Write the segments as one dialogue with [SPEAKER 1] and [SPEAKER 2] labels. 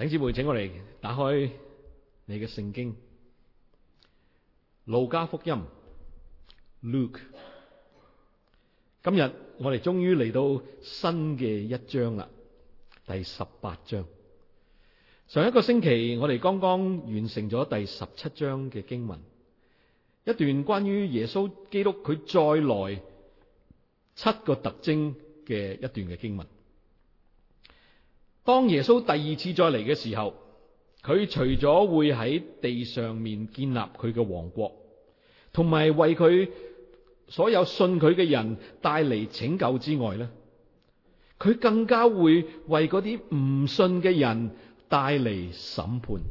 [SPEAKER 1] 弟兄們，請我嚟打開你嘅聖經《路加福音》Luke。Luke，今日我哋終於嚟到新嘅一章啦，第十八章。上一個星期我哋剛剛完成咗第十七章嘅經文，一段關於耶穌基督佢再來七個特徵嘅一段嘅經文。當耶穌第二次再嚟嘅時候，佢除咗會喺地上面建立佢嘅王國，同埋為佢所有信佢嘅人帶嚟拯救之外咧，佢更加會為嗰啲唔信嘅人帶嚟審判。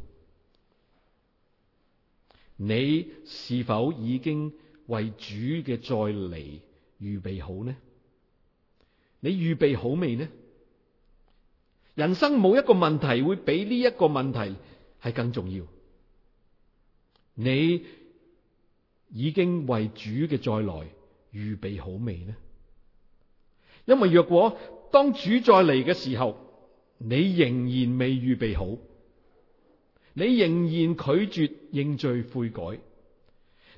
[SPEAKER 1] 你是否已經為主嘅再嚟預備好呢？你預備好未呢？人生冇一個問題會比呢一個問題係更重要。你已經為主嘅再來預備好未呢？因為若果當主再嚟嘅時候，你仍然未預備好，你仍然拒絕認罪悔改，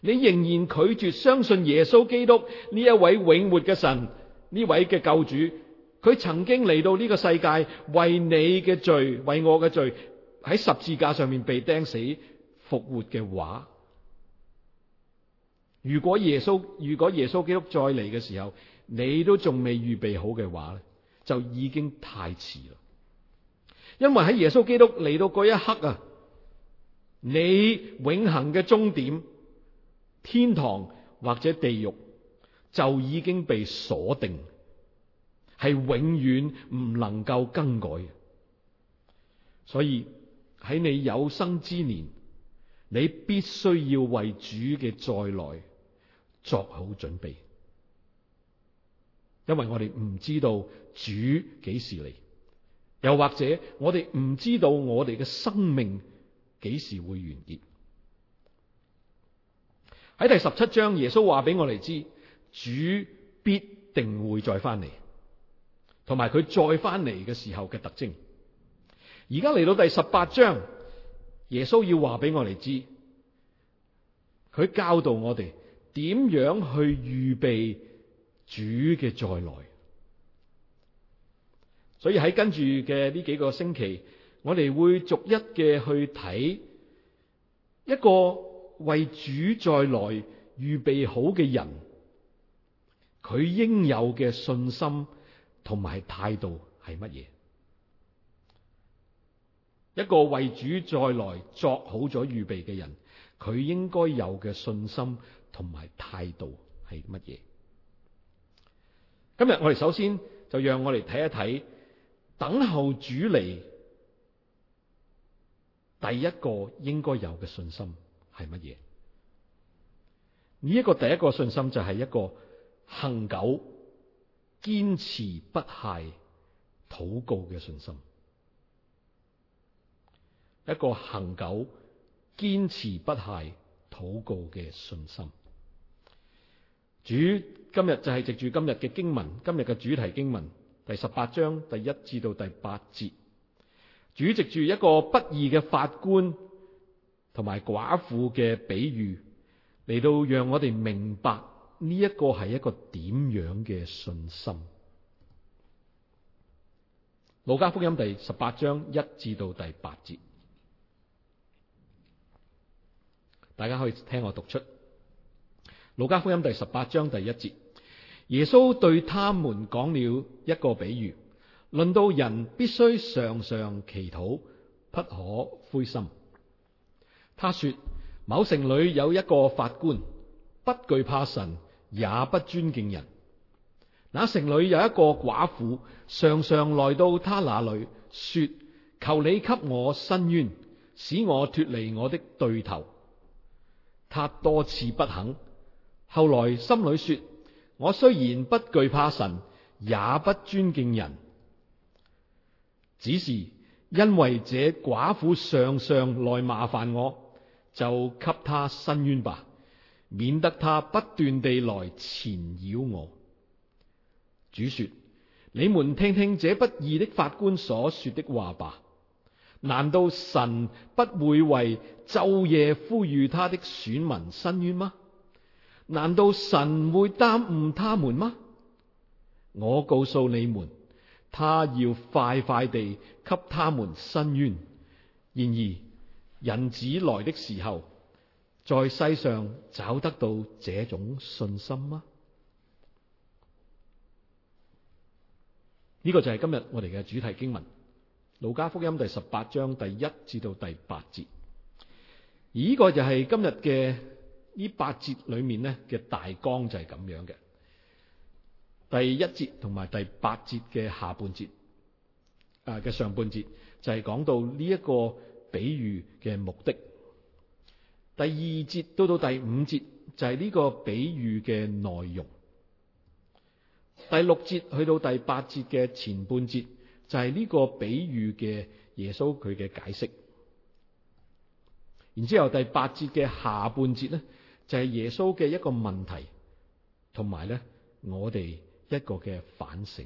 [SPEAKER 1] 你仍然拒絕相信耶穌基督呢一位永活嘅神，呢位嘅救主。佢曾經嚟到呢個世界，為你嘅罪，為我嘅罪，喺十字架上面被釘死復活嘅話，如果耶穌如果耶穌基督再嚟嘅時候，你都仲未預備好嘅話咧，就已經太遲啦。因為喺耶穌基督嚟到嗰一刻啊，你永恒嘅終點，天堂或者地獄就已經被鎖定。係永遠唔能夠更改嘅，所以喺你有生之年，你必須要為主嘅再來作好準備，因為我哋唔知道主幾時嚟，又或者我哋唔知道我哋嘅生命幾時會完結。喺第十七章，耶穌話俾我哋知，主必定會再翻嚟。同埋佢再翻嚟嘅時候嘅特徵，而家嚟到第十八章，耶穌要話俾我哋知，佢教導我哋點樣去預備主嘅再來。所以喺跟住嘅呢幾個星期，我哋會逐一嘅去睇一個為主再來預備好嘅人，佢應有嘅信心。同埋態度係乜嘢？一個為主再來作好咗預備嘅人，佢應該有嘅信心同埋態度係乜嘢？今日我哋首先就讓我哋睇一睇等候主嚟，第一個應該有嘅信心係乜嘢？呢一個第一個信心就係一個恒久。堅持不懈禱告嘅信心，一個恆久、堅持不懈禱告嘅信心。主今日就係藉住今日嘅經文，今日嘅主題經文第十八章第一至到第八節，主藉住一個不義嘅法官同埋寡婦嘅比喻嚟到讓我哋明白。呢一個係一個點樣嘅信心？《路加福音》第十八章一至到第八節，大家可以聽我讀出《路加福音》第十八章第一節。耶穌對他們講了一個比喻，論到人必須常常祈禱，不可灰心。他說：某城裏有一個法官，不懼怕神。也不尊敬人。那城裏有一個寡婦，常常來到他那裏，說：求你給我伸冤，使我脫離我的對頭。他多次不肯，後來心裏說：我雖然不懼怕神，也不尊敬人，只是因為這寡婦常常來麻煩我，就給他伸冤吧。免得他不斷地來纏擾我。主說：你們聽聽這不義的法官所說的話吧。難道神不會為晝夜呼籲他的選民伸冤嗎？難道神會耽誤他們嗎？我告訴你們，他要快快地給他們伸冤。然而人子來的時候。在世上找得到這種信心嗎？呢、這個就係今日我哋嘅主題經文《路加福音》第十八章第一至到第八節，而呢個就係今日嘅呢八節裏面咧嘅大綱就係咁樣嘅。第一節同埋第八節嘅下半節，啊、呃、嘅上半節就係、是、講到呢一個比喻嘅目的。第二節到到第五節就係呢個比喻嘅內容，第六節去到第八節嘅前半節就係呢個比喻嘅耶穌佢嘅解釋，然之後第八節嘅下半節咧就係耶穌嘅一個問題，同埋咧我哋一個嘅反省。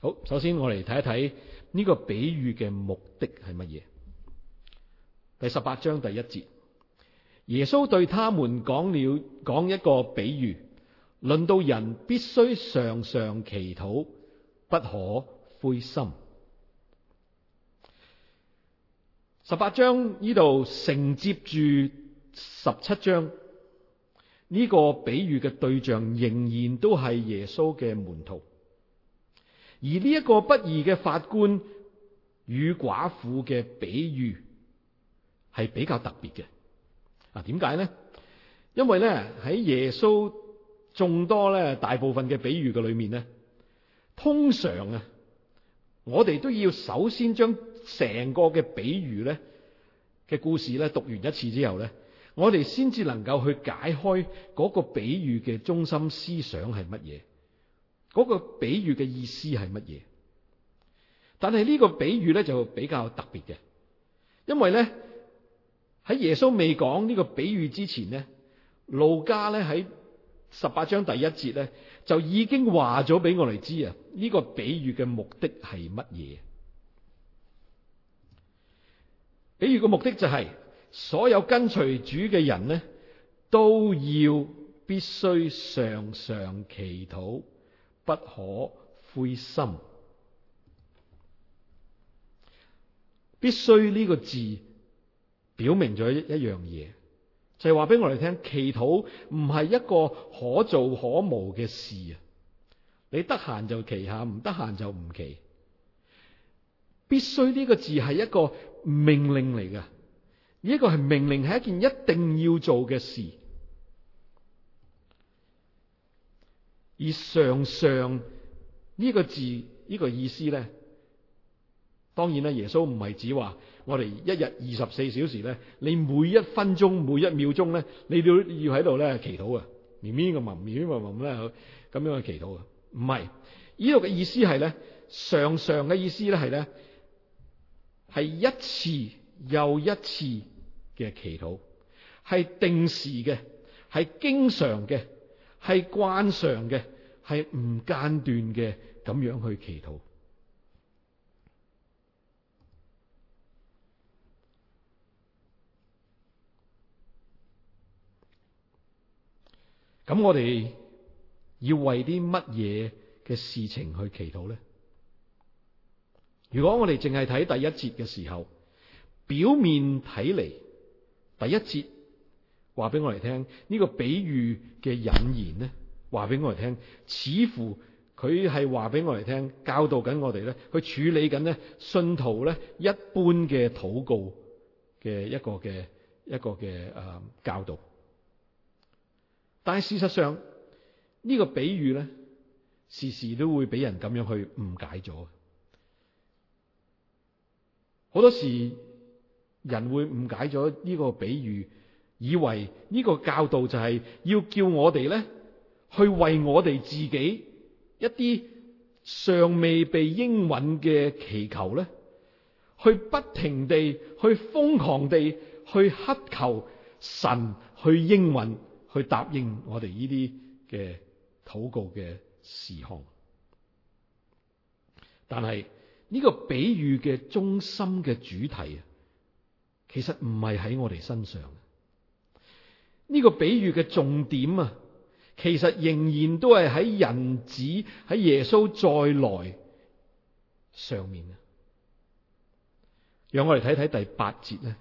[SPEAKER 1] 好，首先我嚟睇一睇。呢個比喻嘅目的係乜嘢？第十八章第一節，耶穌對他們講了講一個比喻，論到人必須常常祈禱，不可灰心。十八章呢度承接住十七章呢個比喻嘅對象，仍然都係耶穌嘅門徒。而呢一個不義嘅法官與寡婦嘅比喻係比較特別嘅。啊點解咧？因為咧喺耶穌眾多咧大部分嘅比喻嘅裏面咧，通常啊，我哋都要首先將成個嘅比喻咧嘅故事咧讀完一次之後咧，我哋先至能夠去解開個比喻嘅中心思想係乜嘢。嗰個比喻嘅意思係乜嘢？但係呢個比喻咧就比較特別嘅，因為咧喺耶穌未講呢個比喻之前咧，路加咧喺十八章第一節咧就已經話咗俾我哋知啊。呢個比喻嘅目的係乜嘢？比喻嘅目的就係所有跟隨主嘅人咧都要必須常常祈禱不可灰心，必須呢個字表明咗一一樣嘢，就係話俾我哋聽，祈禱唔係一個可做可無嘅事啊！你得閒就祈下，唔得閒就唔祈。必須呢個字係一個命令嚟㗎，呢一個係命令，係一件一定要做嘅事。而常常呢個字呢，這個意思咧，當然啦，耶穌唔係指話我哋一日二十四小時咧，你每一分鐘每一秒鐘咧，你都要要喺度咧祈禱啊，綿綿個文綿綿文文咁咧，咁樣去祈禱啊，唔係，呢度嘅意思係咧，常常嘅意思咧係咧，係一次又一次嘅祈禱，係定時嘅，係經常嘅。係慣常嘅，係唔間斷嘅咁樣去祈禱。咁我哋要為啲乜嘢嘅事情去祈禱咧？如果我哋淨係睇第一節嘅時候，表面睇嚟，第一節。話俾我哋聽呢個比喻嘅引言咧，話俾我哋聽，似乎佢係話俾我哋聽，教導緊我哋咧，佢處理緊咧信徒咧一般嘅禱告嘅一個嘅一個嘅啊、呃、教導。但係事實上呢、這個比喻咧，時時都會俾人咁樣去誤解咗。好多時人會誤解咗呢個比喻。以為呢個教導就係要叫我哋咧去為我哋自己一啲尚未被應允嘅祈求咧，去不停地去瘋狂地去乞求神去應允去答應我哋呢啲嘅禱告嘅事項。但係呢個比喻嘅中心嘅主題啊，其實唔係喺我哋身上。呢個比喻嘅重點啊，其實仍然都係喺人子喺耶穌再來上面啊！讓我哋睇睇第八節咧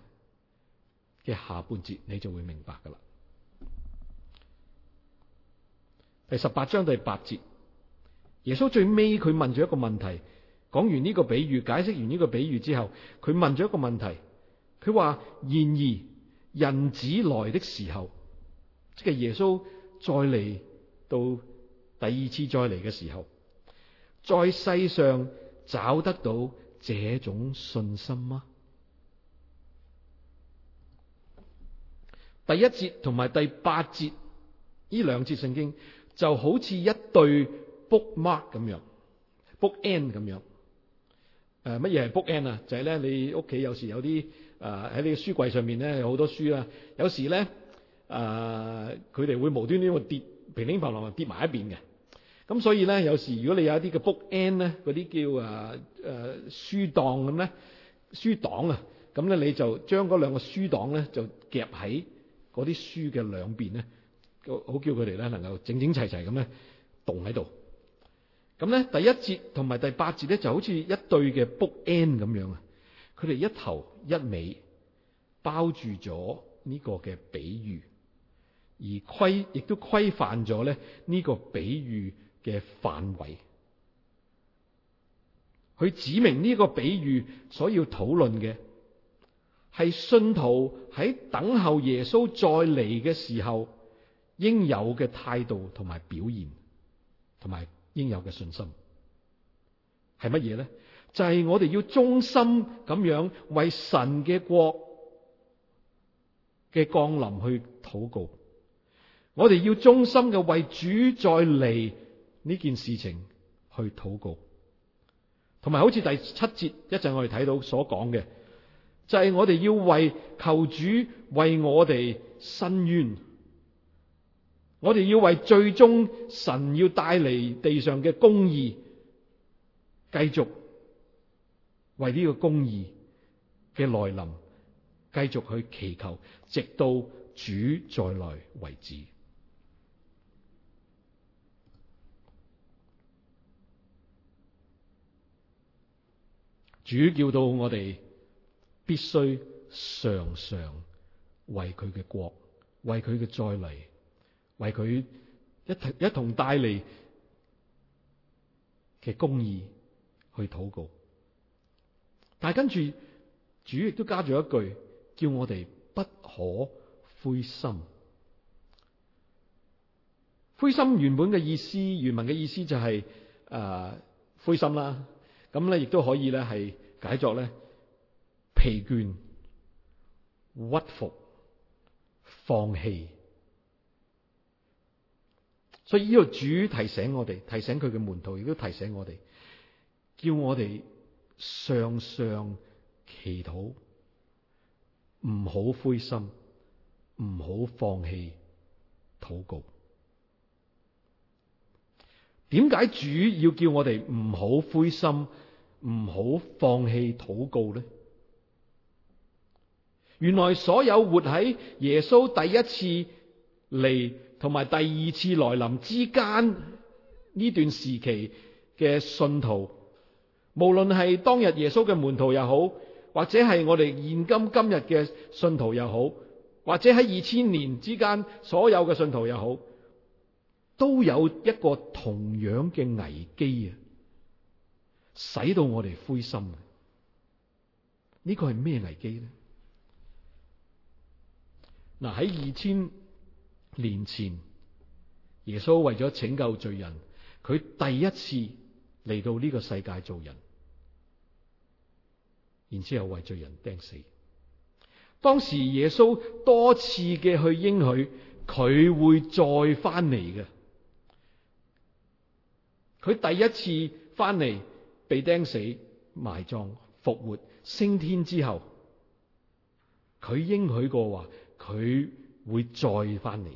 [SPEAKER 1] 嘅下半節，你就會明白噶啦。第十八章第八節，耶穌最尾佢問咗一個問題，講完呢個比喻，解釋完呢個比喻之後，佢問咗一個問題，佢話：然而人子來的時候。即係耶穌再嚟到第二次再嚟嘅時候，在世上找得到這種信心嗎？第一節同埋第八節呢兩節聖經就好似一對 book mark 咁樣，book end 咁樣。誒、呃，乜嘢係 book end 啊？就係咧，你屋企有時有啲，誒，喺你嘅書櫃上面咧，有好多書啊，有時咧。誒，佢哋、uh, 會無端端會跌平頂平落跌埋一邊嘅，咁 acceptable 所以咧，有時如果你有一啲嘅 book end 咧，嗰啲叫誒誒書檔咁咧，書檔啊，咁咧你就將嗰兩個書檔咧就夾喺嗰啲書嘅兩邊咧，好叫佢哋咧能夠整整齊齊咁咧戙喺度。咁咧第一節同埋第八節咧就好似一對嘅 book end 咁樣啊，佢哋一頭一尾包住咗呢個嘅比喻。而規亦都規範咗咧呢個比喻嘅範圍。佢指明呢個比喻所要討論嘅係信徒喺等候耶穌再嚟嘅時候應有嘅態度同埋表現，同埋應有嘅信心係乜嘢咧？就係我哋要忠心咁樣為神嘅國嘅降臨去禱告。我哋要忠心嘅為主再嚟呢件事情去禱告，同埋好似第七節一陣我哋睇到所講嘅，就係、是、我哋要為求主為我哋伸冤，我哋要為最終神要帶嚟地上嘅公義，繼續為呢個公義嘅來臨，繼續去祈求，直到主再來為止。主叫到我哋必須常常為佢嘅國、為佢嘅再嚟、為佢一一同帶嚟嘅公義去禱告。但係跟住主亦都加咗一句，叫我哋不可灰心。灰心原本嘅意思，原文嘅意思就係、是、誒、呃、灰心啦。咁咧，亦都可以咧，係解作咧疲倦、屈服、放棄。所以呢個主提醒我哋，提醒佢嘅門徒，亦都提醒我哋，叫我哋常常祈禱，唔好灰心，唔好放棄禱告。點解主要叫我哋唔好灰心？唔好放棄禱告呢？原來所有活喺耶穌第一次嚟，同埋第二次來臨之間呢段時期嘅信徒，無論係當日耶穌嘅門徒又好，或者係我哋現今今日嘅信徒又好，或者喺二千年之間所有嘅信徒又好，都有一個同樣嘅危機啊！使到我哋灰心，呢個係咩危機呢？嗱，喺二千年前，耶穌為咗拯救罪人，佢第一次嚟到呢個世界做人，然之後為罪人釘死。當時耶穌多次嘅去應許，佢會再翻嚟嘅。佢第一次翻嚟。被釘死、埋葬、復活、升天之後，佢應許過話，佢會再翻嚟嘅。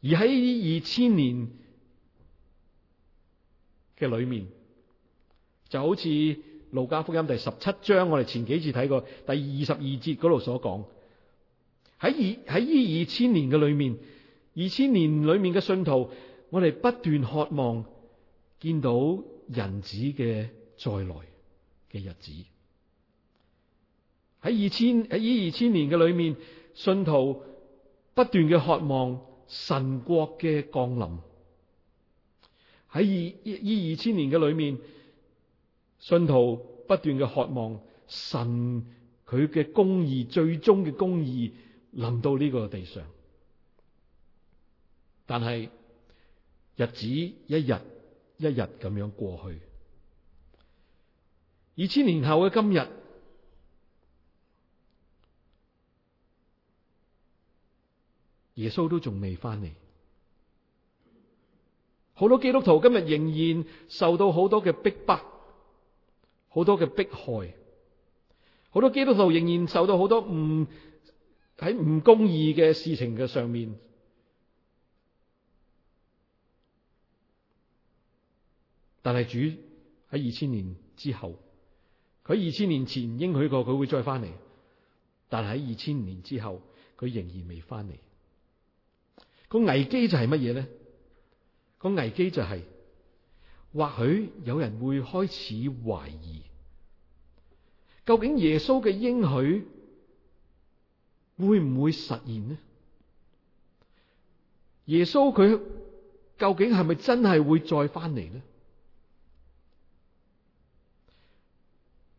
[SPEAKER 1] 而喺二千年嘅裏面，就好似路加福音第十七章，我哋前幾次睇過第二十二節嗰度所講，喺二喺呢二千年嘅裏面，二千年裏面嘅信徒，我哋不斷渴望見到人子嘅再來嘅日子，喺二千喺二千年嘅裏面，信徒不斷嘅渴望神國嘅降臨。喺二依二千年嘅裏面，信徒不斷嘅渴望神佢嘅公義最終嘅公義臨到呢個地上，但係日子一日一日咁樣過去，二千年後嘅今日，耶穌都仲未翻嚟，好多基督徒今日仍然受到好多嘅逼迫，迫，好多嘅迫害，好多基督徒仍然受到好多唔喺唔公義嘅事情嘅上面。但係主喺二千年之後，佢二千年前應許過佢會再翻嚟，但係喺二千年之後佢仍然未翻嚟。個危機就係乜嘢咧？個危機就係，或許有人會開始懷疑，究竟耶穌嘅應許會唔會實現呢？耶穌佢究竟係咪真係會再翻嚟呢？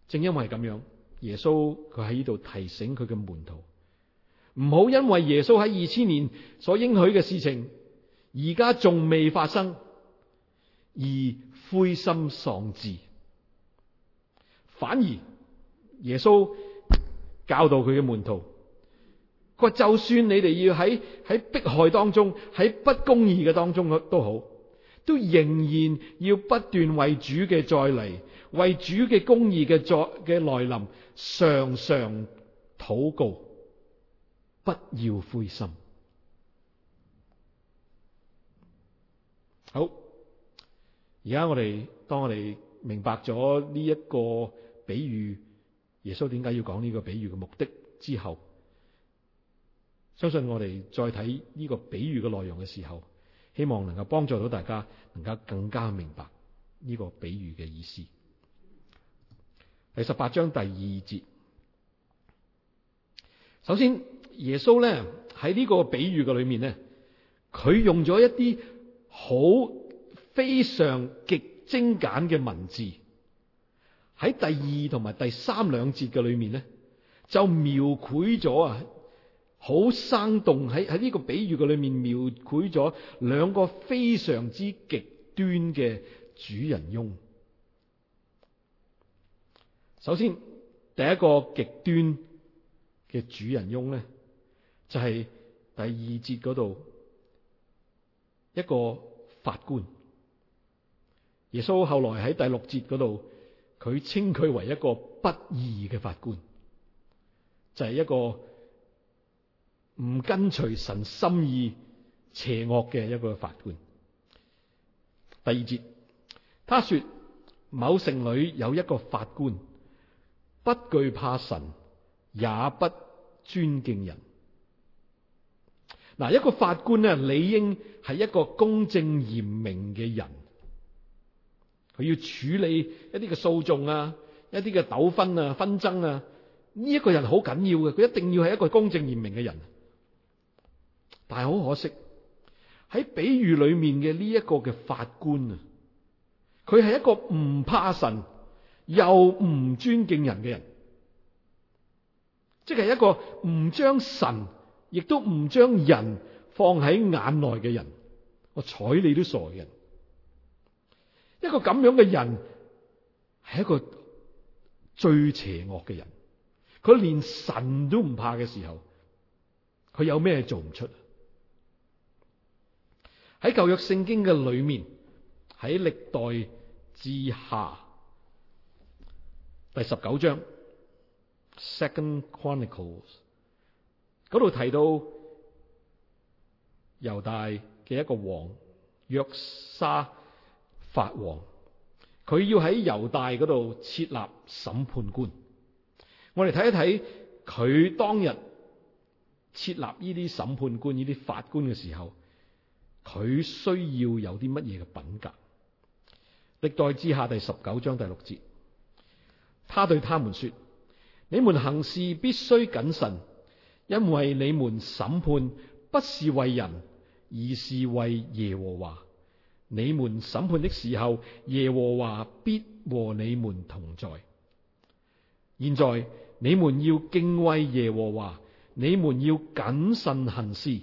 [SPEAKER 1] 正因為係咁樣，耶穌佢喺呢度提醒佢嘅門徒，唔好因為耶穌喺二千年所應許嘅事情，而家仲未發生而灰心喪志。反而耶穌教導佢嘅門徒，佢話就算你哋要喺喺迫害當中，喺不公義嘅當中，都好，都仍然要不斷為主嘅再嚟。為主嘅公義嘅作嘅來臨，常常禱告，不要灰心。好，而家我哋當我哋明白咗呢一個比喻，耶穌點解要講呢個比喻嘅目的之後，相信我哋再睇呢個比喻嘅內容嘅時候，希望能夠幫助到大家，能夠更加明白呢個比喻嘅意思。第十八章第二節，首先耶穌咧喺呢個比喻嘅裏面咧，佢用咗一啲好非常極精簡嘅文字，喺第二同埋第三兩節嘅裏面咧，就描繪咗啊好生動喺喺呢個比喻嘅裏面描繪咗兩個非常之極端嘅主人翁。首先，第一個極端嘅主人翁咧，就係第二節度一個法官。耶穌後來喺第六節度，佢稱佢為一個不義嘅法官，就係一個唔跟隨神心意邪惡嘅一個法官。第二節，他說：某城裏有一個法官。不懼怕神，也不尊敬人。嗱，一個法官咧，理應係一個公正嚴明嘅人。佢要處理一啲嘅訴訟啊，一啲嘅糾紛啊、紛爭啊，
[SPEAKER 2] 呢一個人好
[SPEAKER 1] 緊要嘅，佢一定要係一個公正嚴明嘅人。但係好可惜，喺比喻裏面嘅呢一個嘅法官啊，佢係一個唔怕神，又唔尊敬人嘅人，即係一個唔將神，亦都唔將人放喺眼內嘅人。我睬你都傻嘅人，一個咁樣嘅人係一個最邪惡嘅人。佢連神都唔怕嘅時候，佢有咩做唔出？喺舊約聖經嘅裏面，喺歷代志下。第十九章，Second Chronicles 度提到猶大嘅一個王約沙法王，佢要喺猶大度設立審判官。我哋睇一睇佢當日設立呢啲審判官、呢啲法官嘅時候，佢需要有啲乜嘢嘅品格？歷代志下第十九章第六節。他對他們說：你們行事必須謹慎，因為你們審判不是為人，而是為耶和華。你們審判的時候，耶和華必和你們同在。現在你們要敬畏耶和華，你們要謹慎行事，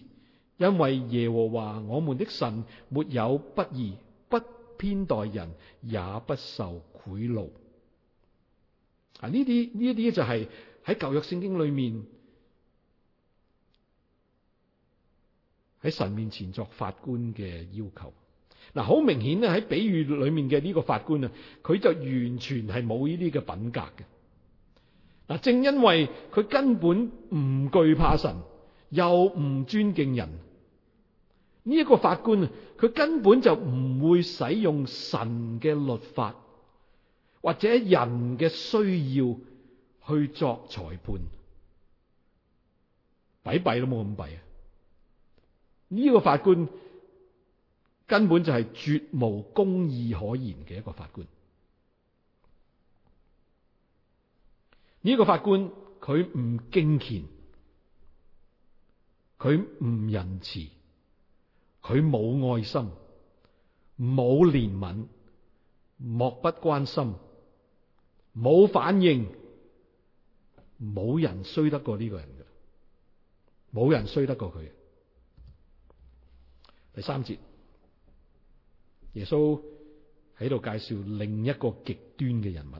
[SPEAKER 1] 因為耶和華我們的神沒有不義、不偏待人，也不受賄賂。啊！呢啲呢啲就係喺舊約聖經裏面喺神面前作法官嘅要求。嗱，好明顯咧，喺比喻裏面嘅呢個法官啊，佢就完全係冇呢啲嘅品格嘅。嗱，正因為佢根本唔懼怕神，又唔尊敬人，呢一個法官啊，佢根本就唔會使用神嘅律法，或者人嘅需要去作裁判，弊弊都冇咁弊啊！呢個法官根本就係絕無公義可言嘅一個法官。呢個法官佢唔敬虔，佢唔仁慈，佢冇愛心，冇憐憫，漠不關心。冇反應，冇人衰得過呢個人噶，冇人衰得過佢。第三節，耶穌喺度介紹另一個極端嘅人物，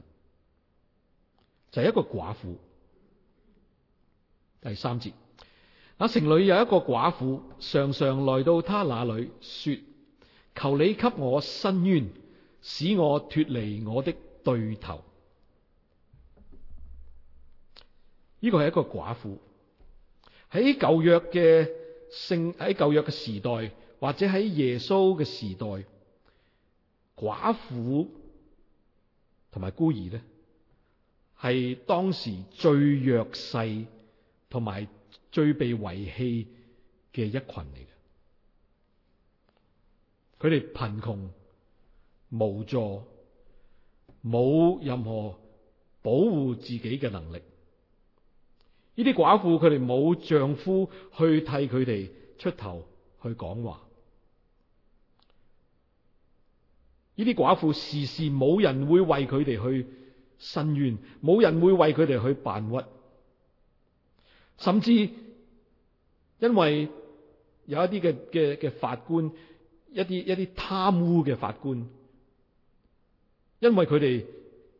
[SPEAKER 1] 就係、是、一個寡婦。第三節，阿城裏有一個寡婦，常常來到他那裏，說：求你給我伸冤，使我脫離我的對頭。呢個係一個寡婦，喺舊約嘅聖喺舊約嘅時代，或者喺耶穌嘅時代，寡婦同埋孤兒咧，係當時最弱勢同埋最被遺棄嘅一群嚟嘅。佢哋貧窮、無助、冇任何保護自己嘅能力。呢啲寡婦佢哋冇丈夫去替佢哋出頭去講話，呢啲寡婦時時冇人會為佢哋去申冤，冇人會為佢哋去辦屈，甚至因為有一啲嘅嘅嘅法官，一啲一啲貪污嘅法官，因為佢哋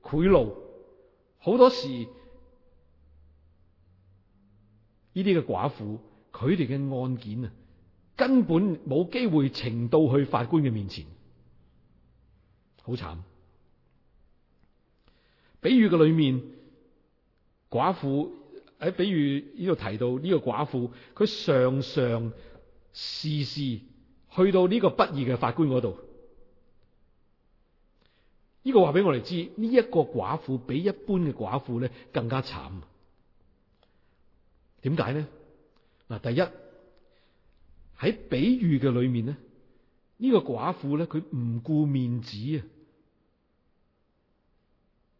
[SPEAKER 1] 賄賂好多時。呢啲嘅寡婦，佢哋嘅案件啊，根本冇機會呈到去法官嘅面前，好慘。比喻嘅裏面，寡婦喺比喻呢度提到呢個寡婦，佢常常時時去到呢個不義嘅法官嗰度。呢個話俾我哋知，呢一個寡婦比一般嘅寡婦咧更加慘。點解咧？嗱，第一喺比喻嘅裏面咧，呢個寡婦咧，佢唔顧面子啊，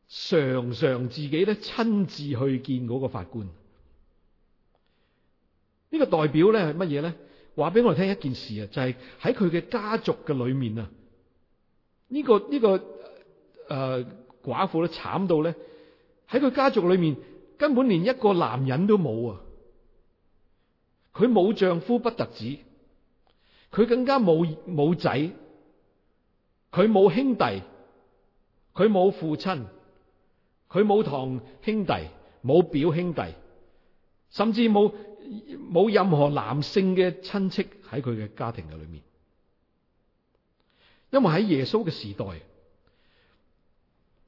[SPEAKER 1] 常常自己咧親自去見嗰個法官。呢個代表咧係乜嘢咧？話俾我哋聽一件事啊，就係喺佢嘅家族嘅裏面啊，呢個呢個誒寡婦咧慘到咧喺佢家族裏面根本連一個男人都冇啊！佢冇丈夫不特止，佢更加冇冇仔，佢冇兄弟，佢冇父親，佢冇堂兄弟、冇表兄弟，甚至冇冇任何男性嘅親戚喺佢嘅家庭嘅裏面。
[SPEAKER 2] 因
[SPEAKER 1] 為喺耶穌嘅時代，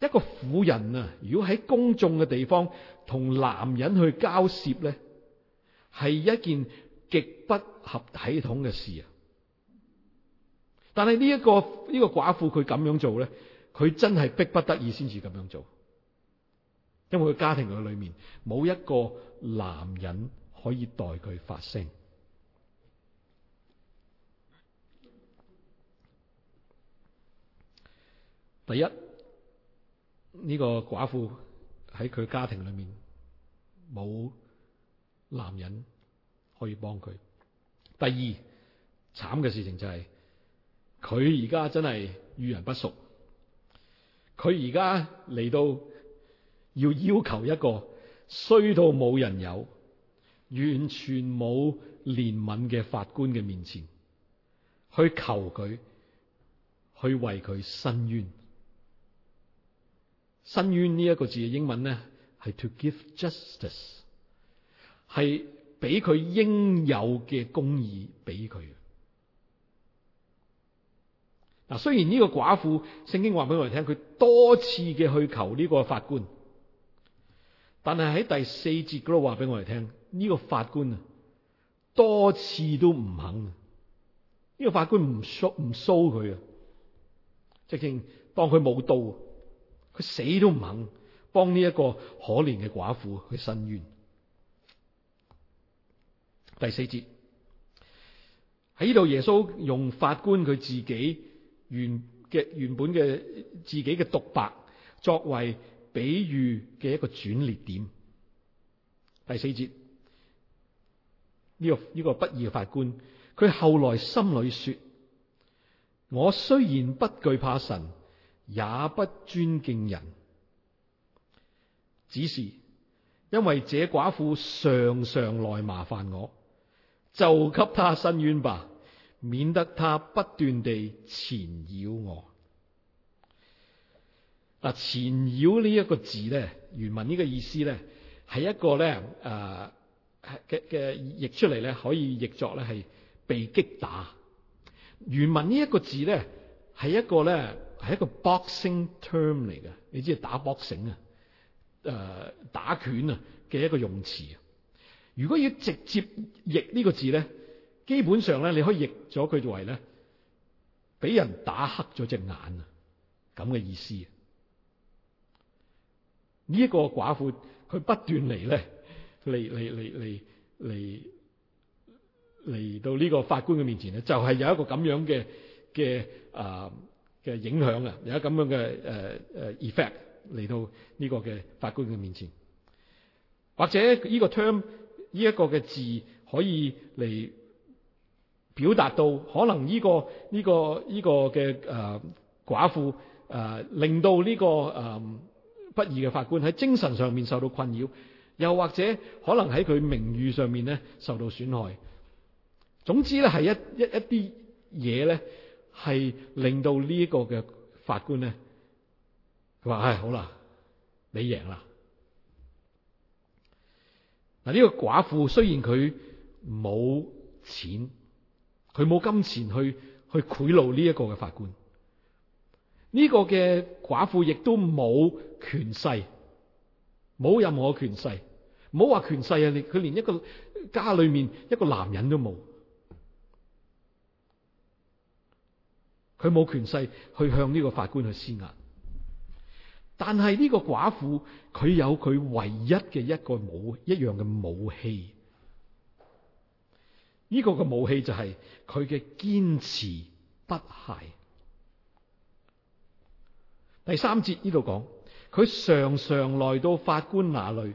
[SPEAKER 1] 一個婦人啊，如果喺公眾嘅地方同男人去交涉咧。係一件極不合體統嘅事啊！但係呢一個呢、呢個寡婦佢咁樣做咧，佢真係逼不得已先至咁樣做，因為佢家庭嘅裏面冇一個男人可以代佢發聲。第一，呢、呢個寡婦喺佢家庭裏面冇。男人可以幫佢。第二慘嘅事情就係佢而家真係遇人不淑。佢而家嚟到要要求一個，衰到冇人有，完全冇憐憫嘅法官嘅面前去求佢，去為佢申冤。申冤呢一個字嘅英文咧係 to give justice。係俾佢應有嘅公義俾佢。嗱，雖然呢個寡婦聖經話俾我哋聽，佢多次嘅去求呢個法官，但係喺第四節嗰度話俾我哋聽，呢個法官啊多次都唔肯。呢個法官唔 show 唔 show 佢啊，直情當佢冇到，佢死都唔肯幫呢一個可憐嘅寡婦去申冤。第四節喺呢度，耶穌用法官佢自己原嘅原本嘅自己嘅獨白作為比喻嘅一個轉捩點。第四節呢個呢個不義嘅法官，佢後來心裏說：我雖然不懼怕神，也不尊敬人，只是因為這寡婦常常來麻煩我。就給他伸冤吧，免得他不斷地纏繞我。嗱，纏繞呢一個字咧，原文呢個意思咧，係一個咧，誒嘅嘅譯出嚟咧，可以譯作咧係被擊打。原文呢一個字咧，係一個咧係一個 boxing term 嚟嘅，你知打 boxing 啊，呃，誒打拳啊嘅一個用詞。如果要直接譯呢個字咧，基本上咧，你可以譯咗佢作為咧，俾人打黑咗隻眼啊，咁嘅意思。呢一個寡婦佢不斷嚟咧，嚟嚟嚟嚟嚟嚟到呢個法官嘅面前咧，就係有一個咁樣嘅嘅啊嘅影響啊，有一咁樣嘅誒誒 effect 嚟到呢個嘅法官嘅面前，或者呢個 term。呢一個嘅字可以嚟表達到，可能呢、呢個呢、呢個呢、呢個嘅誒、呃、寡婦誒、呃，令到呢、呢個誒、呃、不義嘅法官喺精神上面受到困擾，又或者可能喺佢名譽上面咧受到損害。總之咧係一一一啲嘢咧係令到呢一個嘅法官咧，佢話唉好啦，你贏啦。呢個寡婦雖然佢冇錢，佢冇金錢去去賄賂呢一個嘅法官。呢個嘅寡婦亦都冇權勢，冇任何權勢。唔好話權勢啊，你佢連一個家裏面一個男人都冇，佢冇權勢去向呢個法官去施壓。但係呢個寡婦，佢有佢唯一嘅一個武，一樣嘅武器，呢、這個嘅武器就係佢嘅堅持不懈。第三節呢度講，佢常常來到法官那裡，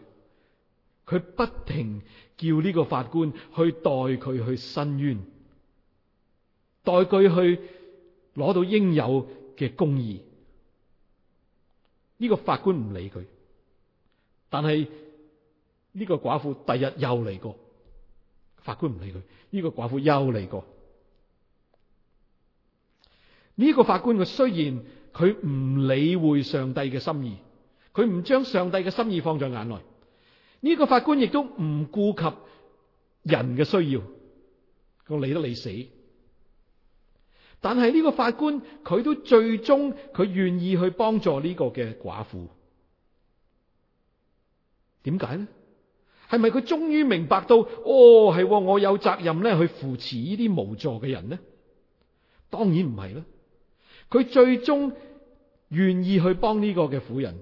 [SPEAKER 1] 佢不停叫呢個法官去代佢去申冤，代佢去攞到應有嘅公義。呢個法官唔理佢，但係呢個寡婦第日又嚟過，法官唔理佢。呢個寡婦又嚟過，呢個法官佢雖然佢唔理會上帝嘅心意，佢唔將上帝嘅心意放在眼內，呢個法官亦都唔顧及人嘅需要，佢理得你死。但係呢個法官，佢都最終佢願意去幫助呢個嘅寡婦，點解呢？係咪佢終於明白到？哦，係、哦、我有責任咧去扶持呢啲無助嘅人呢？當然唔係啦，佢最終願意去幫呢個嘅婦人，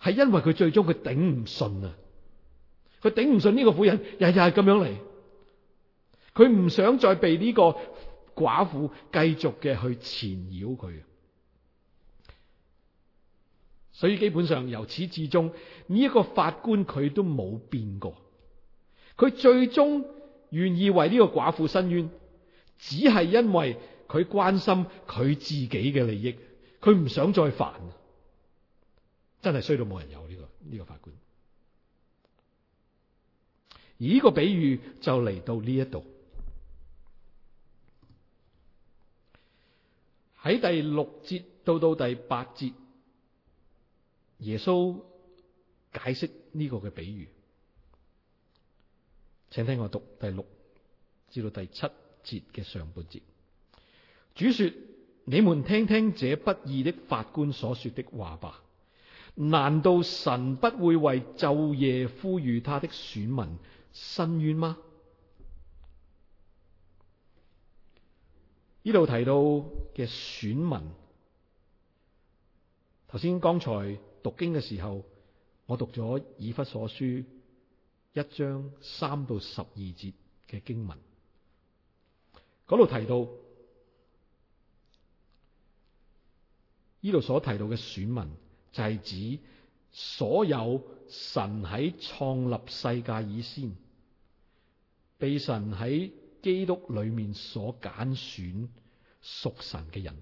[SPEAKER 1] 係因為佢最終佢頂唔順啊，佢頂唔順呢個婦人日日係咁樣嚟，佢唔想再被呢、呢個。寡婦繼續嘅去纏繞佢，所以基本上由始至終呢一個法官佢都冇變過，佢最終願意為呢個寡婦申冤，只係因為佢關心佢自己嘅利益，佢唔想再煩，真係衰到冇人有呢個呢個法官。而呢個比喻就嚟到呢一度。喺第六節到到第八節，耶穌解釋呢個嘅比喻，請聽我讀第六至到第七節嘅上半節。主說：你們聽聽這不義的法官所說的話吧。難道神不會為晝夜呼籲他的選民伸冤嗎？呢度提到嘅選民，頭先剛才讀經嘅時候，我讀咗以弗所書一章三到十二節嘅經文，嗰度提到呢度所提到嘅選民，就係指所有神喺創立世界以先，被神喺。基督裏面所揀選屬神嘅人，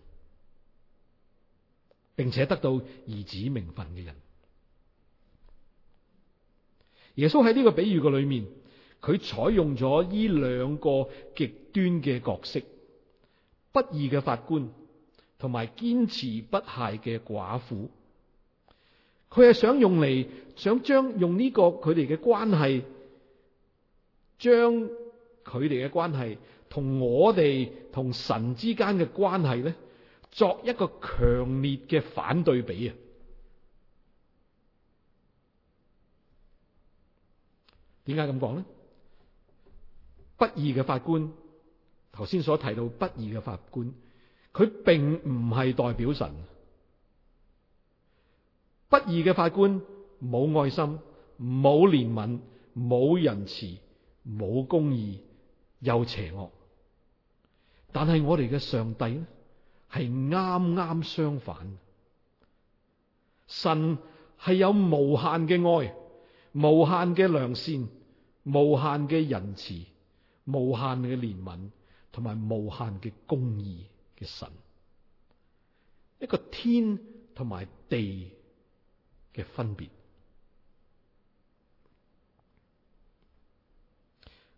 [SPEAKER 1] 並且得到兒子名分嘅人。耶穌喺呢個比喻嘅裏面，佢採用咗呢兩個極端嘅角色，不義嘅法官同埋堅持不懈嘅寡婦，佢係想用嚟，想將用呢個佢哋嘅關係將。佢哋嘅關係同我哋同神之間嘅關係咧，作一個強烈嘅反對比啊！點解咁講呢？不義嘅法官，頭先所提到不義嘅法官，佢並唔係代表神。不義嘅法官冇愛心，冇憐憫，冇仁慈，冇公義。又邪惡，但係我哋嘅上帝呢？係啱啱相反，神係有無限嘅愛、無限嘅良善、無限嘅仁慈、無限嘅憐憫同埋無限嘅公義嘅神，一個天同埋地嘅分別。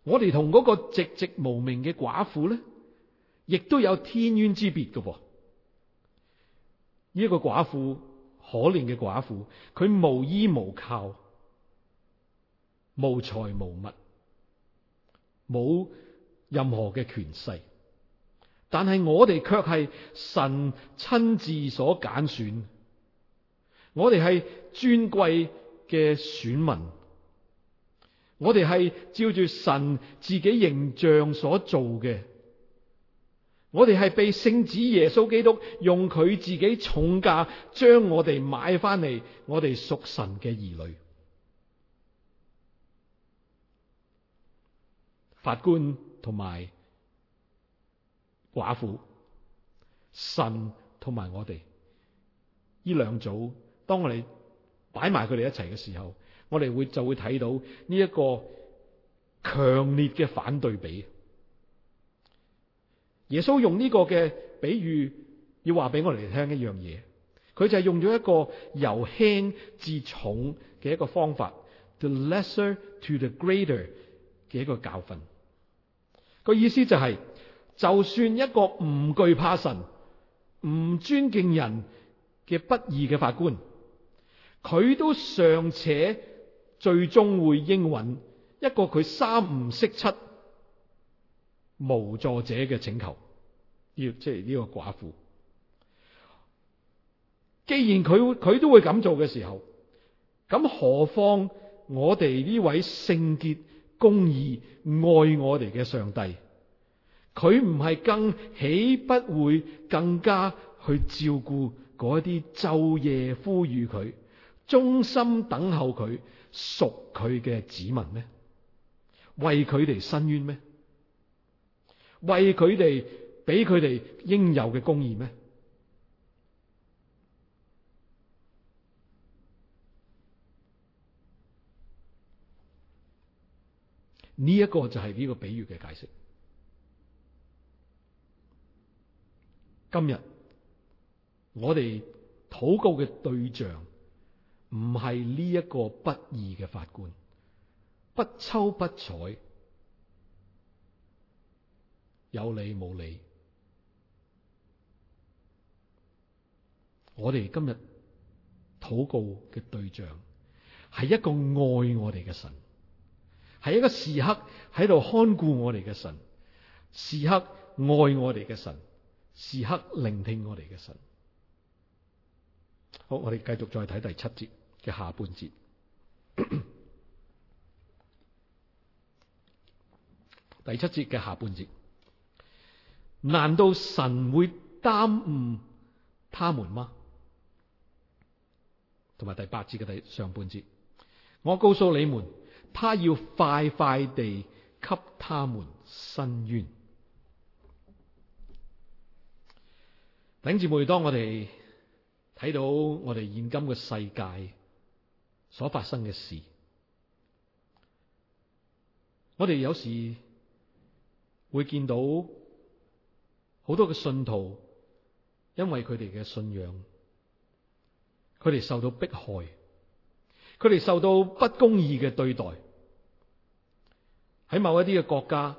[SPEAKER 1] 我哋同嗰個寂寂無名嘅寡婦咧，亦都有天淵之別噶噃。呢一個寡婦，可憐嘅寡婦，佢無依無靠，無財無物，冇任何嘅權勢。但係我哋卻係神親自所揀選，我哋係尊貴嘅選民。我哋係照住神自己形象所做嘅，我哋係被聖子耶穌基督用佢自己重價將我哋買翻嚟，我哋屬神嘅兒女。法官同埋寡婦，神同埋我哋，呢兩組，當我哋擺埋佢哋一齊嘅時候。我哋會就會睇到呢一個強烈嘅反對比。耶穌用呢個嘅比喻，要話俾我哋聽一樣嘢，佢就係用咗一個由輕至重嘅一個方法，the lesser to the greater 嘅一個教訓。個意思就係，就算一個唔懼怕神、唔尊敬人嘅不義嘅法官，佢都尚且。最終會應允一個佢三唔識七無助者嘅請求，要即係呢個寡婦。既然佢佢都會咁做嘅時候，咁何況我哋呢位聖潔、公義、愛我哋嘅上帝，佢唔係更豈不會更加去照顧嗰一啲晝夜呼籲佢、忠心等候佢？屬佢嘅子民咩？為佢哋伸冤咩？為佢哋俾佢哋應有嘅公義咩？呢一個就係呢個比喻嘅解釋。今日我哋禱告嘅對象。唔係呢一個不義嘅法官，不瞅不睬，有理冇理。我哋今日禱告嘅對象係一個愛我哋嘅神，係一個時刻喺度看顧我哋嘅神，時刻愛我哋嘅神，時刻聆聽我哋嘅神。好，我哋繼續再睇第七節嘅下半節。咳咳，第七節嘅下半節，難道神會耽誤他們嗎？同埋第八節嘅第上半節，我告訴你們，他要快快地給他們伸冤。等住，每當我哋。睇到我哋現今嘅世界所發生嘅事，我哋有時會見到好多嘅信徒，因為佢哋嘅信仰，佢哋受到迫害，佢哋受到不公義嘅對待，喺某一啲嘅國家，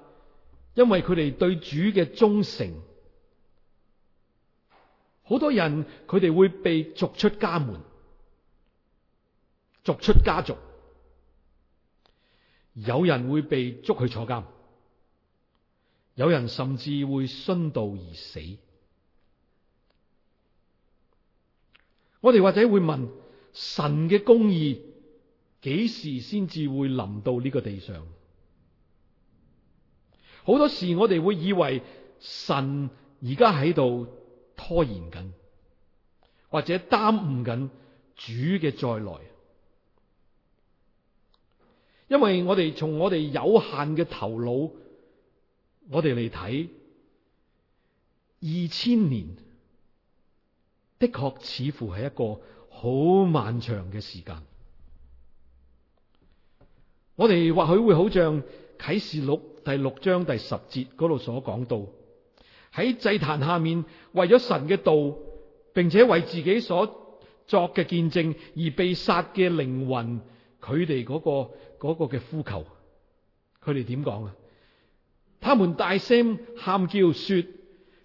[SPEAKER 1] 因為佢哋對主嘅忠誠。好多人佢哋會被逐出家門，逐出家族；有人會被捉去坐監，有人甚至會殉道而死。我哋或者會問神嘅公義幾時先至會臨到呢個地上？好多時我哋會以為神而家喺度，拖延緊，或者耽誤緊主嘅再來，因為我哋從我哋有限嘅頭腦，我哋嚟睇二千年，的確似乎係一個好漫長嘅時間。我哋或許會好像啟示錄第六章第十節嗰度所講到。喺祭壇下面，為咗神嘅道，並且為自己所作嘅見證而被殺嘅靈魂，佢哋嗰個嗰個嘅呼求，佢哋點講啊？他們大聲喊叫說：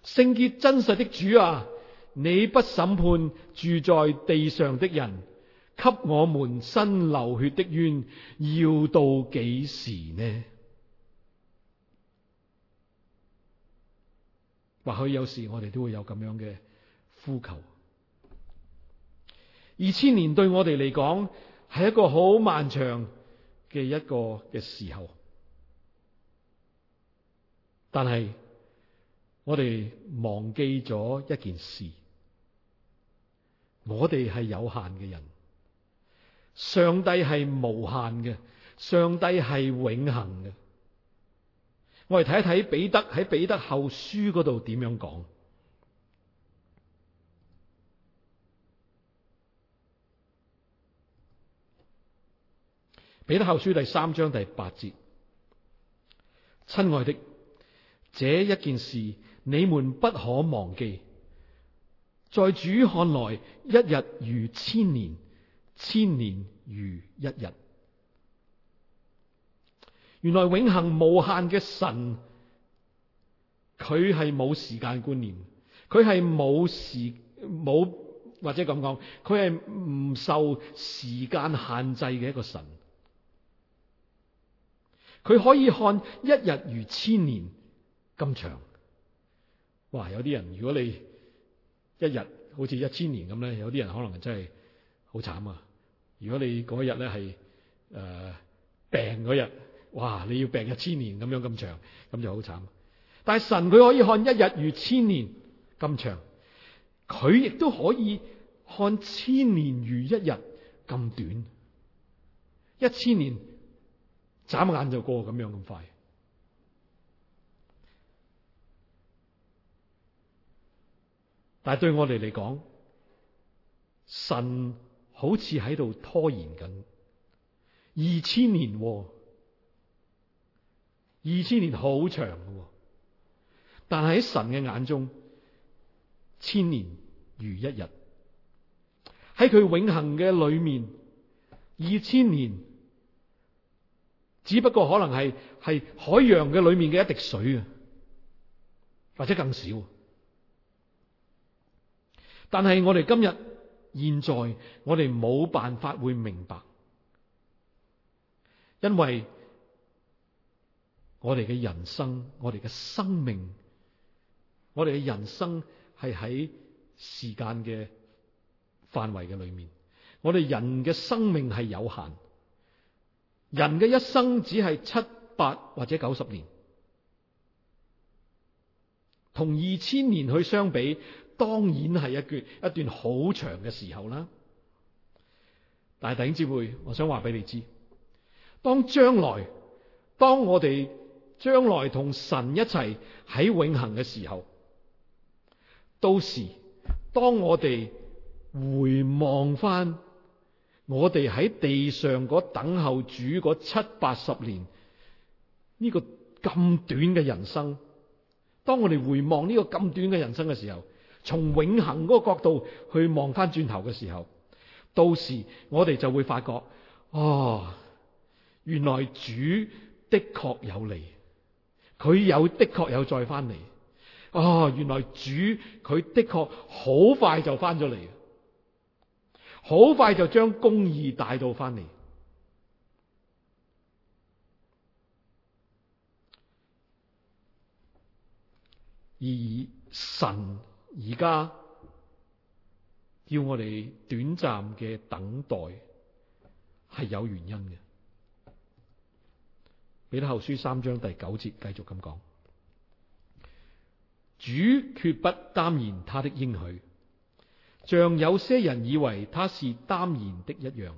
[SPEAKER 1] 聖潔真實的主啊，你不審判住在地上的人，給我們伸流血的冤，要到幾時呢？或許有時我哋都會有咁樣嘅呼求。二千年對我哋嚟講係一個好漫長嘅一個嘅時候，但係我哋忘記咗一件事：我哋係有限嘅人，上帝係無限嘅，上帝係永恆嘅。我哋睇一睇彼得喺彼得後書嗰度點樣講？彼得後書第三章第八節：親愛的，這一件事你們不可忘記，在主看來，一日如千年，千年如一日。原來永恒無限嘅神，佢係冇時間觀念，佢係冇時冇或者咁講，佢係唔受時間限制嘅一個神。佢可以看一日如千年咁長。哇！有啲人如果你一日好似一千年咁咧，有啲人可能真係好慘啊！如果你嗰日咧係誒病嗰日。哇！你要病一千年咁樣咁長，咁就好慘。但係神佢可以看一日如千年咁長，佢亦都可以看千年如一日咁短。一千年眨眼就過咁樣咁快。但係對我哋嚟講，神好似喺度拖延緊二千年喎。二千年好長嘅，但係喺神嘅眼中，千年如一日。喺佢永恒嘅裏面，二千年只不過可能係係海洋嘅裏面嘅一滴水啊，或者更少。但係我哋今日現在，我哋冇辦法會明白，因為。我哋嘅人生，我哋嘅生命，我哋嘅人生係喺時間嘅範圍嘅裏面。我哋人嘅生命係有限，人嘅一生只係七八或者九十年，同二千年去相比，當然係一段一段好長嘅時候啦。但係弟兄姊妹，我想話俾你知，當將來當我哋。將來同神一齊喺永恆嘅時候，到時當我哋回望翻我哋喺地上等候主七八十年，呢、呢個咁短嘅人生，當我哋回望呢個咁短嘅人生嘅時候，從永恆個角度去望翻轉頭嘅時候，到時我哋就會發覺，哦，原來主的確有嚟。佢有的確有再翻嚟，啊、哦！原來主佢的確好快就翻咗嚟，好快就將公義帶到翻嚟。而神而家要我哋短暫嘅等待係有原因嘅。《彼得後書》三章第九節，繼續咁講：主決不耽延他的應許，像有些人以為他是耽延的一樣，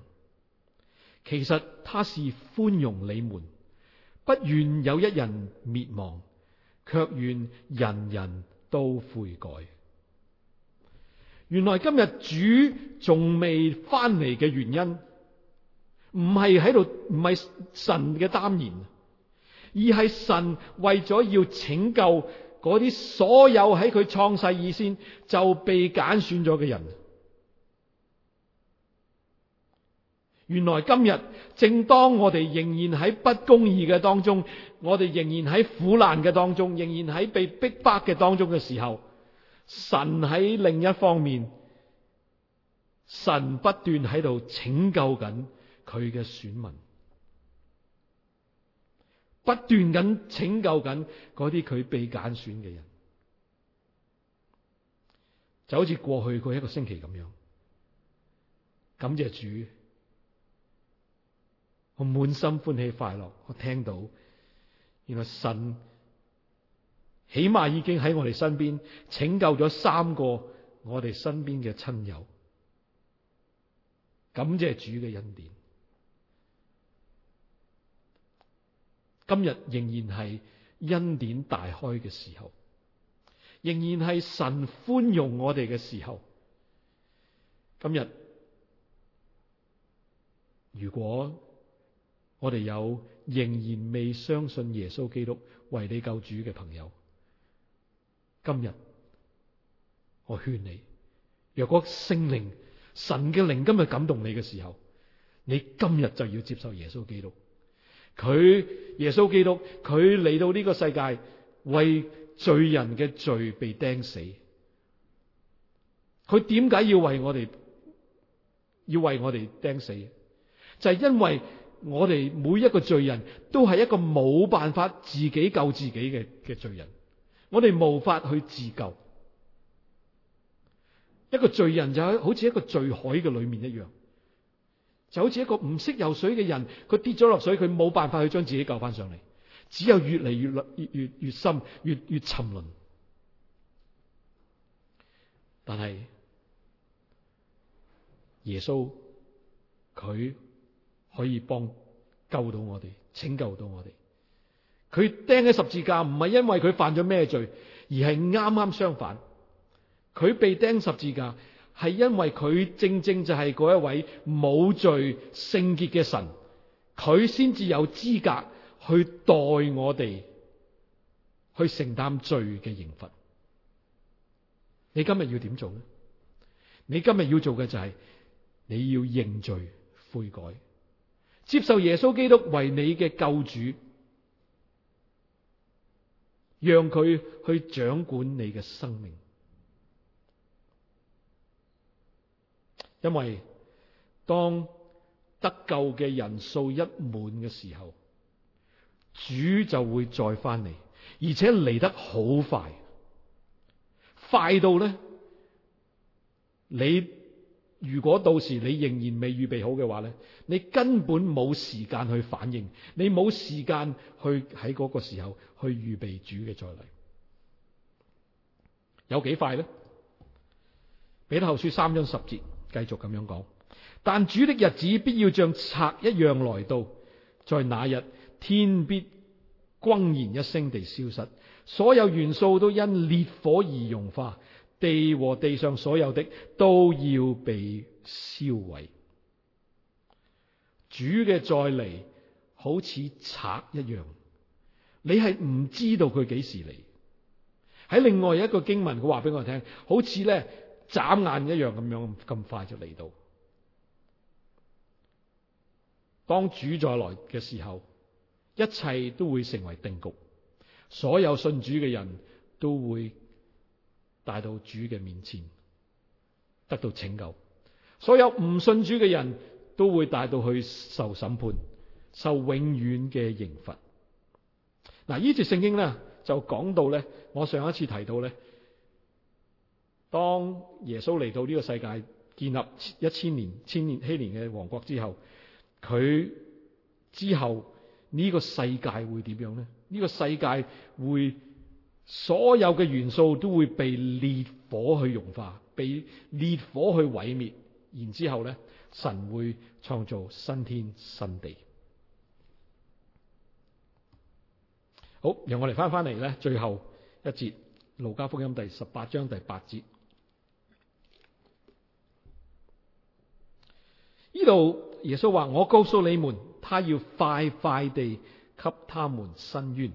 [SPEAKER 1] 其實他是寬容你們，不願有一人滅亡，却願人人都悔改。原來今日主仲未翻嚟嘅原因，唔係喺度，唔係神嘅耽延。而係神為咗要拯救啲所有喺佢創世以先就被揀選咗嘅人，原來今日正當我哋仍然喺不公義嘅當中，我哋仍然喺苦難嘅當中，仍然喺被逼迫嘅當中嘅時候，神喺另一方面，神不斷喺度拯救緊佢嘅選民。不斷咁拯救緊嗰啲佢被揀選嘅人，就好似過去嗰一個星期咁樣。感謝主，我滿心歡喜快樂。我聽到，原來神起碼已經喺我哋身邊拯救咗三個我哋身邊嘅親友。感謝主嘅恩典。今日仍然係恩典大開嘅時候，仍然係神寬容我哋嘅時候。今日如果我哋有仍然未相信耶穌基督為你救主嘅朋友，今日我勸你，若果聖靈、神嘅靈今日感動你嘅時候，你今日就要接受耶穌基督。佢耶穌基督佢嚟到呢個世界為罪人嘅罪被釘死。佢點解要為我哋要為我哋釘死？就係因為我哋每一個罪人都係一個冇辦法自己救自己嘅嘅罪人。我哋無法去自救。一個罪人就係好似一個罪海嘅裏面一樣。就好似一個唔識游水嘅人，佢跌咗落水，佢冇辦法去將自己救翻上嚟，只有越嚟越越越，越深越越沉淪。但係耶穌佢可以幫救到我哋，拯救到我哋。佢釘喺十字架，唔係因為佢犯咗咩罪，而係啱啱相反，佢被釘十字架。係因為佢正正就係一位冇罪聖潔嘅神，佢先至有資格去代我哋去承擔罪嘅刑罰。你今日要點做咧？你今日要做嘅就係你要認罪悔改，接受耶穌基督為你嘅救主，讓佢去掌管你嘅生命。因為當得救嘅人數一滿嘅時候，主就會再翻嚟，而且嚟得好快，快到咧，你如果到時你仍然未預備好嘅話咧，你根本冇時間去反應，你冇時間去喺嗰個時候去預備主嘅再來，有幾快咧？彼得後書三章十節。繼續咁樣講，但主的日子必要像賊一樣來到，在那日天必轟然一聲地消失，所有元素都因烈火而融化，地和地上所有的都要被燒毀。主嘅再嚟好似賊一樣，你係唔知道佢幾時嚟。喺另外一個經文，佢話俾我聽，好似呢。眨眼一樣咁樣咁快就嚟到。當主再來嘅時候，一切都會成為定局。所有信主嘅人都會帶到主嘅面前，得到拯救；所有唔信主嘅人都會帶到去受審判，受永遠嘅刑罰。嗱，呢節聖經咧就講到咧，我上一次提到咧。當耶穌嚟到呢個世界，建立一千年、千年、千年嘅王國之後，佢之後呢個世界會點樣咧？呢、呢個世界會所有嘅元素都會被烈火去融化，被烈火去毀滅。然之後咧，神會創造新天新地。好，讓我哋翻翻嚟咧最後一節《路加福音》第十八章第八節。呢度耶穌話：我告訴你們，他要快快地給他們伸冤。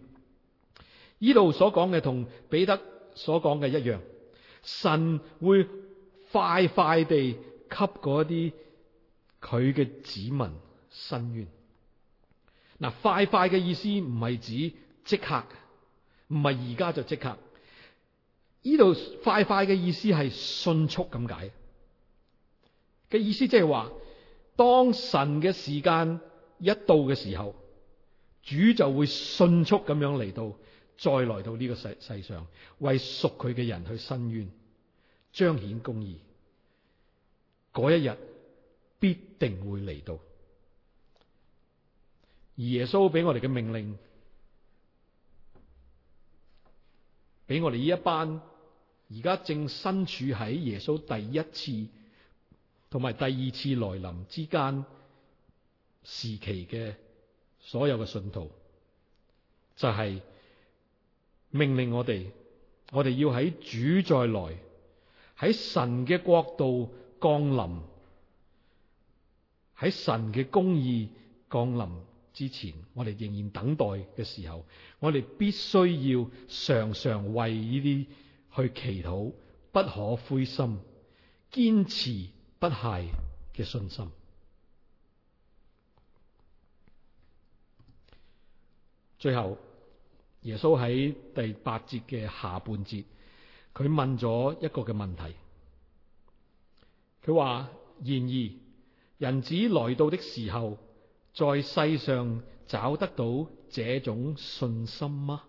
[SPEAKER 1] 呢度所講嘅同彼得所講嘅一樣，神會快快地給嗰啲佢嘅子民伸冤。嗱，快快嘅意思唔係指即刻，唔係而家就即刻。呢度快快嘅意思係迅速咁解嘅意思，即係話。當神嘅時間一到嘅時候，主就會迅速咁樣嚟到，再來到呢個世世上，為屬佢嘅人去申冤，彰顯公義。嗰一日必定會嚟到。而耶穌俾我哋嘅命令，俾我哋呢一班而家正身處喺耶穌第一次，同埋第二次來臨之間時期嘅所有嘅信徒，就係命令我哋，我哋要喺主再來喺神嘅國度降臨，喺神嘅公義降臨之前，我哋仍然等待嘅時候，我哋必須要常常為呢啲去祈禱，不可灰心，堅持。不懈嘅信心。最後，耶穌喺第八節嘅下半節，佢問咗一個嘅問題。佢話：然而，人子來到的時候，在世上找得到這種信心嗎？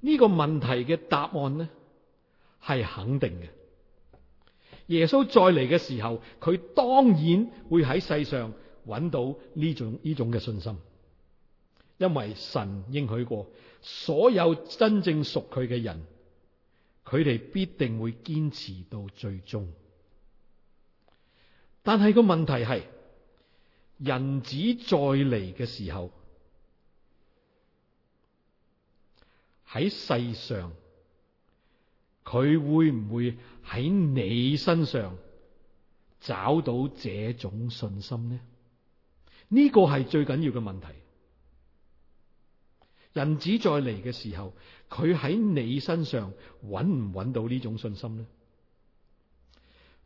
[SPEAKER 1] 呢個問題嘅答案呢？係肯定嘅，耶穌再嚟嘅時候，佢當然會喺世上揾到呢種呢種嘅信心，因為神應許過，所有真正屬佢嘅人，佢哋必定會堅持到最終。但係個問題係，人子再嚟嘅時候喺世上。佢會唔會喺你身上找到這種信心呢？呢個係最緊要嘅問題。人子再嚟嘅時候，佢喺你身上揾唔揾到呢種信心呢？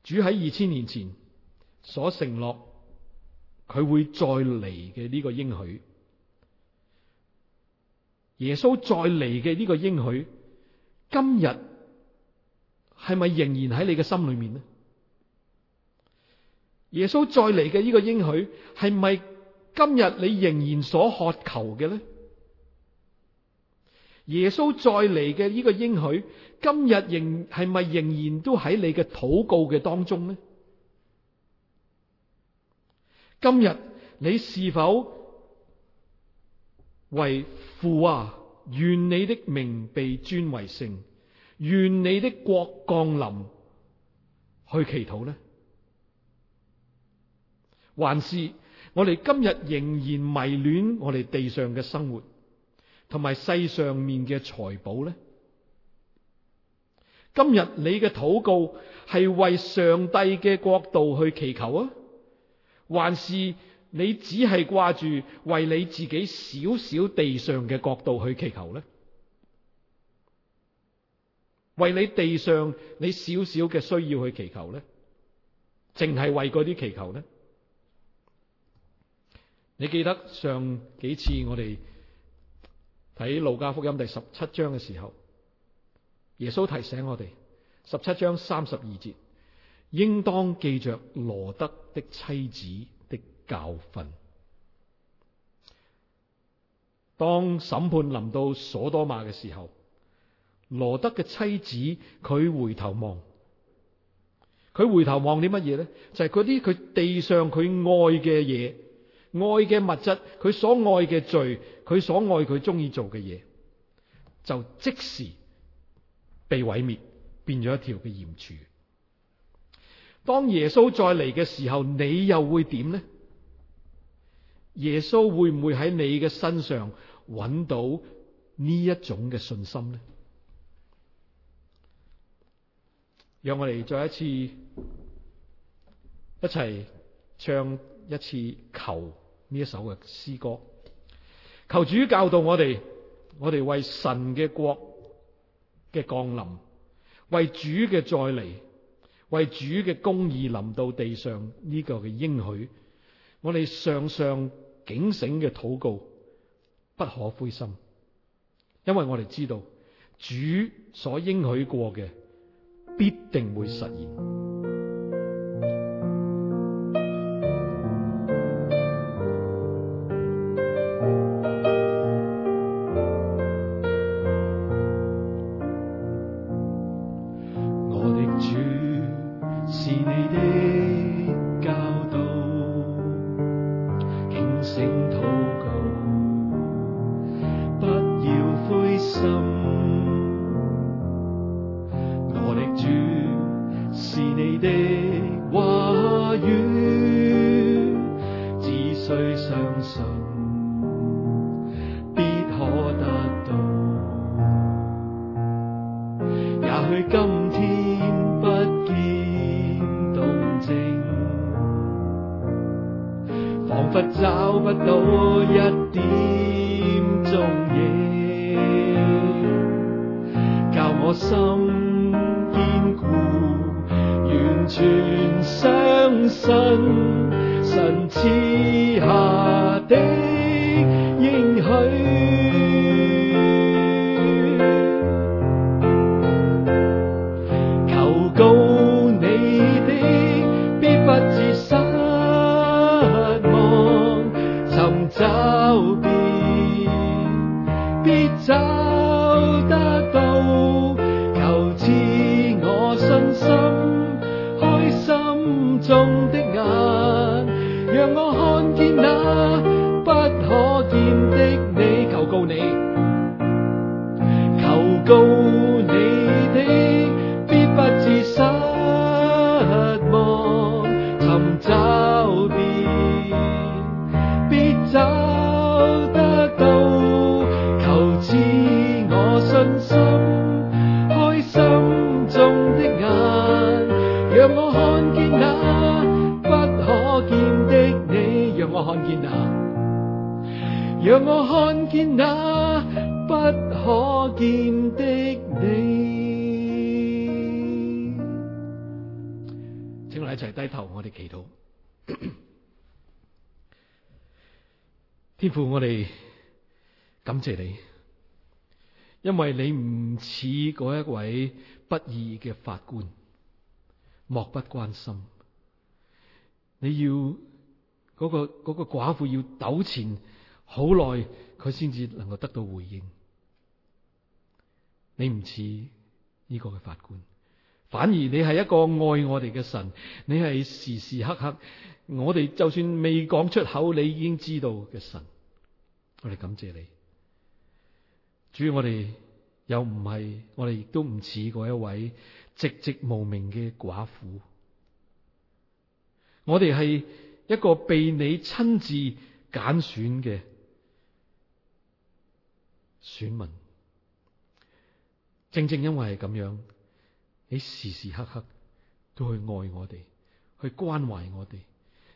[SPEAKER 1] 主喺二千年前所承諾，佢會再嚟嘅呢個應許，耶穌再嚟嘅呢個應許，今日。係咪仍然喺你嘅心裏面是是呢？耶穌再嚟嘅呢個應許係咪今日你仍然所渴求嘅呢？耶穌再嚟嘅呢個應許，今日仍係咪仍然都喺你嘅禱告嘅當中呢？今日你是否為父啊？願你的名被尊為聖。願你的國降臨，去祈禱呢？還是我哋今日仍然迷戀我哋地上嘅生活，同埋世上面嘅財寶呢？今日你嘅禱告係為上帝嘅國度去祈求啊？還是你只係掛住為你自己小小地上嘅國度去祈求呢？為你地上你少少嘅需要去祈求咧，淨係為嗰啲祈求咧。你記得上幾次我哋睇路加福音第十七章嘅時候，耶穌提醒我哋十七章三十二節，應當記着羅德的妻子的教訓。當審判臨到所多瑪嘅時候，羅德嘅妻子，佢回頭望，佢回頭望啲乜嘢咧？就係嗰啲佢地上佢愛嘅嘢，愛嘅物質，佢所愛嘅罪，佢所愛佢中意做嘅嘢，就即時被毀滅，變咗一條嘅鹽柱。當耶穌再嚟嘅時候，你又會點呢？耶穌會唔會喺你嘅身上搵到呢一種嘅信心呢？讓我哋再一次一齊唱一次《求》呢一首嘅詩歌。求主教導我哋，我哋為神嘅國嘅降臨，為主嘅再嚟，為主嘅公義臨到地上呢個嘅應許，我哋上上警醒嘅禱告，不可灰心，因為我哋知道主所應許過嘅。必定會實現。父，我哋感謝你，因為你唔似嗰一位不義嘅法官，漠不關心。你要嗰、個、嗰個寡婦要糾纏好耐，佢先至能夠得到回應。你唔似呢個嘅法官，反而你係一個愛我哋嘅神，你係時時刻刻我哋就算未講出口，你已經知道嘅神。我哋感謝你，主，要我哋又唔係，我哋亦都唔似嗰一位寂寂無名嘅寡婦，我哋係一個被你親自揀選嘅選民。正正因為係咁樣，你時時刻刻都去愛我哋，去關懷我哋，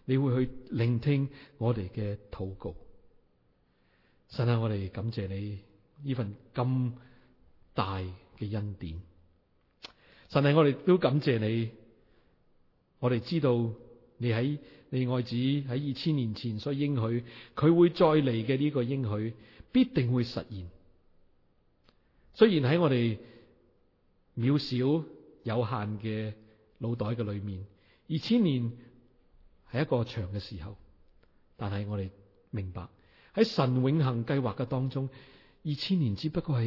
[SPEAKER 1] 你會去聆聽我哋嘅禱告。神啊，我哋感謝你呢份咁大嘅恩典。神啊，我哋都感謝你。我哋知道你喺你愛子喺二千年前所應許，佢會再嚟嘅呢個應許必定會實現。雖然喺我哋渺小有限嘅腦袋嘅裏面，二千年係一個長嘅時候，但係我哋明白。喺神永恒計劃嘅當中，二千年只不過係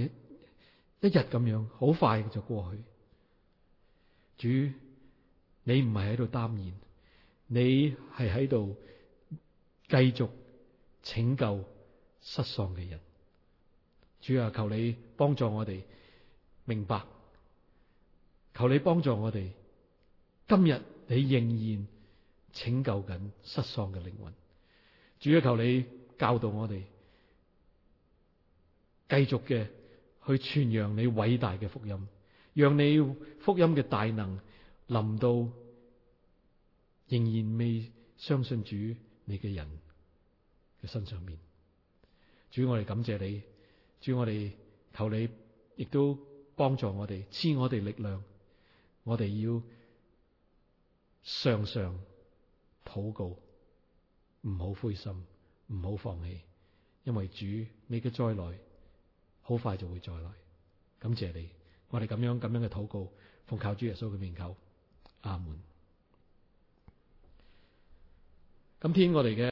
[SPEAKER 1] 一,一日咁樣，好快就過去。主，你唔係喺度耽延，你係喺度繼續拯救失喪嘅人。主啊，求你幫助我哋明白，求你幫助我哋，今日你仍然拯救緊失喪嘅靈魂。主啊，求你。教導我哋繼續嘅去傳揚你偉大嘅福音，讓你福音嘅大能臨到仍然未相信主你嘅人嘅身上面。主，我哋感謝你，主，我哋求你亦都幫助我哋，賜我哋力量，我哋要常常禱告，唔好灰心。唔好放棄，因為主你嘅再來，好快就會再來。感謝你，我哋咁樣咁樣嘅禱告，奉
[SPEAKER 2] 靠主耶穌嘅名求，阿門。今天我哋嘅。